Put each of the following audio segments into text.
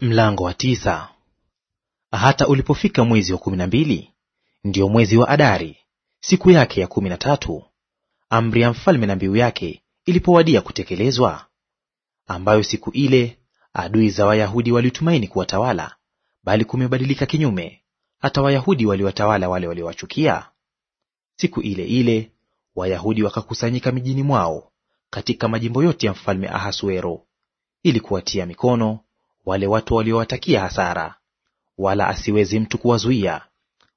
Mlango wa tisa. Hata ulipofika mwezi wa kumi na mbili, ndiyo mwezi wa Adari, siku yake ya kumi na tatu, amri ya mfalme na mbiu yake ilipowadia kutekelezwa, ambayo siku ile adui za Wayahudi walitumaini kuwatawala, bali kumebadilika kinyume, hata Wayahudi waliwatawala wale waliowachukia. Siku ile ile Wayahudi wakakusanyika mijini mwao katika majimbo yote ya mfalme Ahasuero ili kuwatia mikono wale watu waliowatakia hasara, wala asiwezi mtu kuwazuia,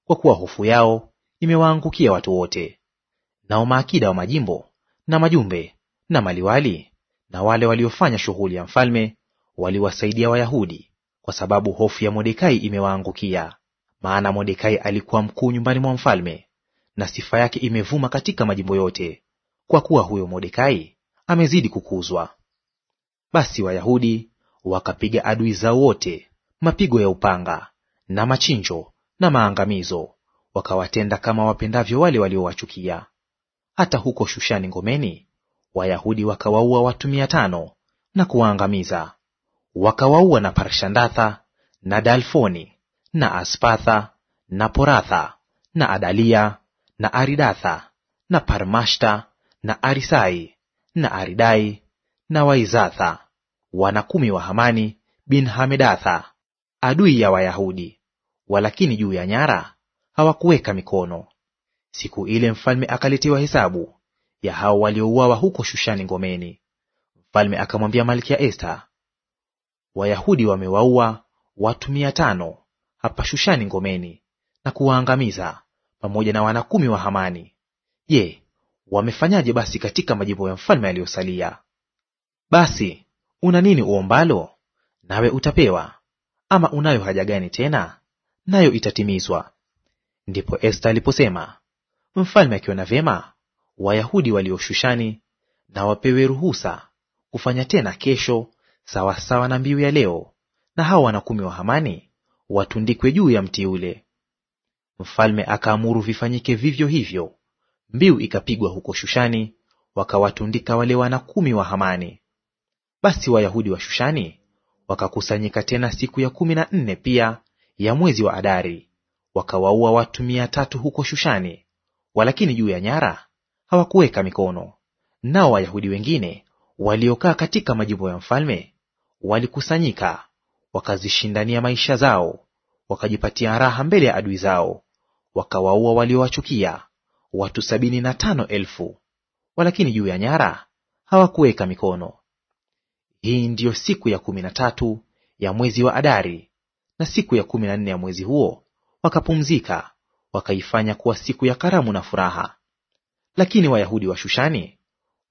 kwa kuwa hofu yao imewaangukia watu wote. Nao maakida wa majimbo na majumbe na maliwali na wale waliofanya shughuli ya mfalme waliwasaidia Wayahudi, kwa sababu hofu ya Mordekai imewaangukia. Maana Mordekai alikuwa mkuu nyumbani mwa mfalme, na sifa yake imevuma katika majimbo yote, kwa kuwa huyo Mordekai amezidi kukuzwa. Basi Wayahudi wakapiga adui zao wote mapigo ya upanga na machinjo na maangamizo, wakawatenda kama wapendavyo wale waliowachukia. Hata huko Shushani ngomeni Wayahudi wakawaua watu mia tano na kuwaangamiza, wakawaua na Parshandatha na Dalfoni na Aspatha na Poratha na Adalia na Aridatha na Parmashta na Arisai na Aridai na Waizatha wana kumi wa Hamani bin Hamedatha, adui ya Wayahudi, walakini juu ya nyara hawakuweka mikono. Siku ile mfalme akaletewa hesabu ya hao waliouawa huko Shushani ngomeni. Mfalme akamwambia Malkia Esta, Wayahudi wamewaua watu mia tano hapa Shushani ngomeni na kuwaangamiza pamoja na wana kumi wa Hamani. Je, wamefanyaje basi katika majimbo ya mfalme aliyosalia? Basi Una nini uombalo, nawe utapewa? Ama unayo haja gani tena, nayo itatimizwa? Ndipo Esta aliposema, mfalme akiona vyema, Wayahudi walioshushani na wapewe ruhusa kufanya tena kesho sawasawa na mbiu ya leo, na hao wanakumi wa Hamani watundikwe juu ya mti ule. Mfalme akaamuru vifanyike vivyo hivyo. Mbiu ikapigwa huko Shushani, wakawatundika wale wanakumi wa Hamani. Basi Wayahudi wa Shushani wakakusanyika tena siku ya kumi na nne pia ya mwezi wa Adari, wakawaua watu mia tatu huko Shushani, walakini juu ya nyara hawakuweka mikono. Nao Wayahudi wengine waliokaa katika majimbo ya mfalme walikusanyika, wakazishindania maisha zao, wakajipatia raha mbele ya adui zao, wakawaua waliowachukia watu sabini na tano elfu, walakini juu ya nyara hawakuweka mikono. Hii ndiyo siku ya kumi na tatu ya mwezi wa Adari, na siku ya kumi na nne ya mwezi huo wakapumzika, wakaifanya kuwa siku ya karamu na furaha. Lakini Wayahudi wa Shushani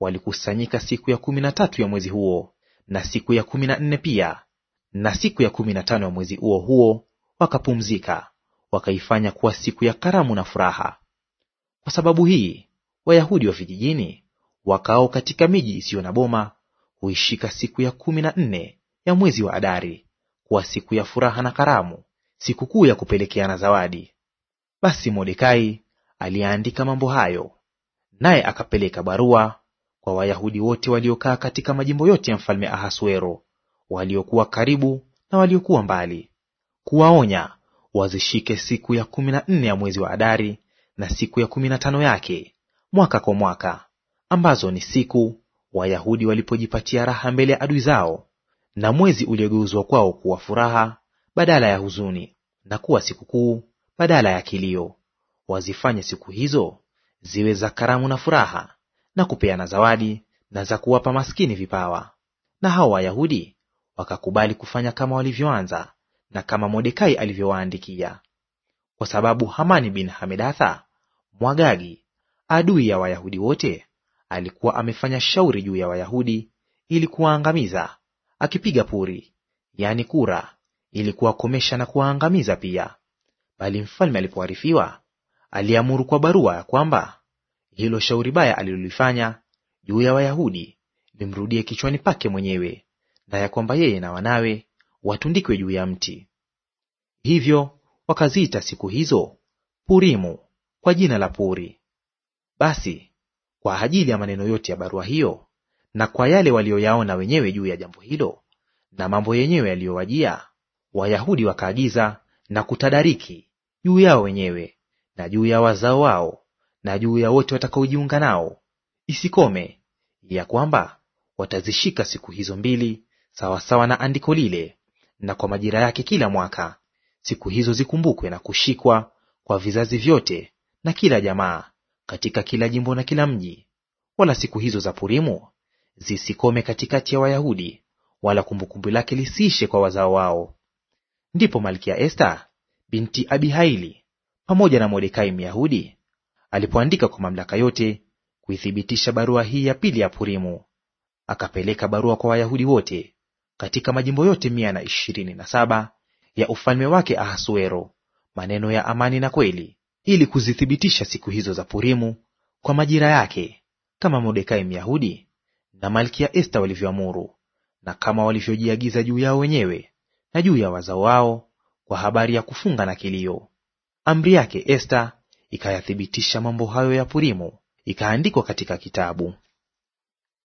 walikusanyika siku ya kumi na tatu ya mwezi huo na siku ya kumi na nne pia na siku ya kumi na tano ya mwezi huo huo wakapumzika, wakaifanya kuwa siku ya karamu na furaha. Kwa sababu hii Wayahudi wa vijijini wakao katika miji isiyo na boma huishika siku ya kumi na nne ya mwezi wa Adari kuwa siku ya furaha na karamu, sikukuu ya kupelekeana zawadi. Basi Mordekai aliyeandika mambo hayo, naye akapeleka barua kwa Wayahudi wote waliokaa katika majimbo yote ya mfalme Ahasuero, waliokuwa karibu na waliokuwa mbali, kuwaonya wazishike siku ya kumi na nne ya mwezi wa Adari na siku ya kumi na tano yake mwaka kwa mwaka, ambazo ni siku Wayahudi walipojipatia raha mbele ya adui zao, na mwezi uliogeuzwa kwao kuwa furaha badala ya huzuni, na kuwa sikukuu badala ya kilio, wazifanye siku hizo ziwe za karamu na furaha, na kupeana zawadi, na za kuwapa maskini vipawa. Na hao Wayahudi wakakubali kufanya kama walivyoanza na kama Mordekai alivyowaandikia, kwa sababu Hamani bin Hamedatha Mwagagi, adui ya Wayahudi wote, alikuwa amefanya shauri juu ya Wayahudi ili kuwaangamiza, akipiga puri, yaani kura, ili kuwakomesha na kuwaangamiza pia. Bali mfalme alipoarifiwa, aliamuru kwa barua ya kwamba hilo shauri baya alilolifanya juu ya Wayahudi limrudie kichwani pake mwenyewe, na ya kwamba yeye na wanawe watundikwe juu ya mti. Hivyo wakaziita siku hizo Purimu, kwa jina la puri. Basi kwa ajili ya maneno yote ya barua hiyo na kwa yale waliyoyaona wenyewe juu ya jambo hilo na mambo yenyewe yaliyowajia, Wayahudi wakaagiza na kutadariki juu yao wenyewe na juu ya wazao wao na juu ya wote watakaojiunga nao, isikome, ya kwamba watazishika siku hizo mbili sawasawa na andiko lile, na kwa majira yake kila mwaka; siku hizo zikumbukwe na kushikwa kwa vizazi vyote na kila jamaa katika kila jimbo na kila mji, wala siku hizo za Purimu zisikome katikati ya Wayahudi, wala kumbukumbu lake lisiishe kwa wazao wao. Ndipo Malkia Esta binti Abihaili pamoja na Mordekai Myahudi alipoandika kwa mamlaka yote kuithibitisha barua hii ya pili ya Purimu, akapeleka barua kwa Wayahudi wote katika majimbo yote mia na ishirini na saba ya ufalme wake Ahasuero, maneno ya amani na kweli, ili kuzithibitisha siku hizo za Purimu kwa majira yake, kama Mordekai Myahudi na Malkia Esta walivyoamuru, na kama walivyojiagiza juu yao wenyewe na juu ya wazao wao kwa habari ya kufunga na kilio. Amri yake Esta ikayathibitisha mambo hayo ya Purimu, ikaandikwa katika kitabu.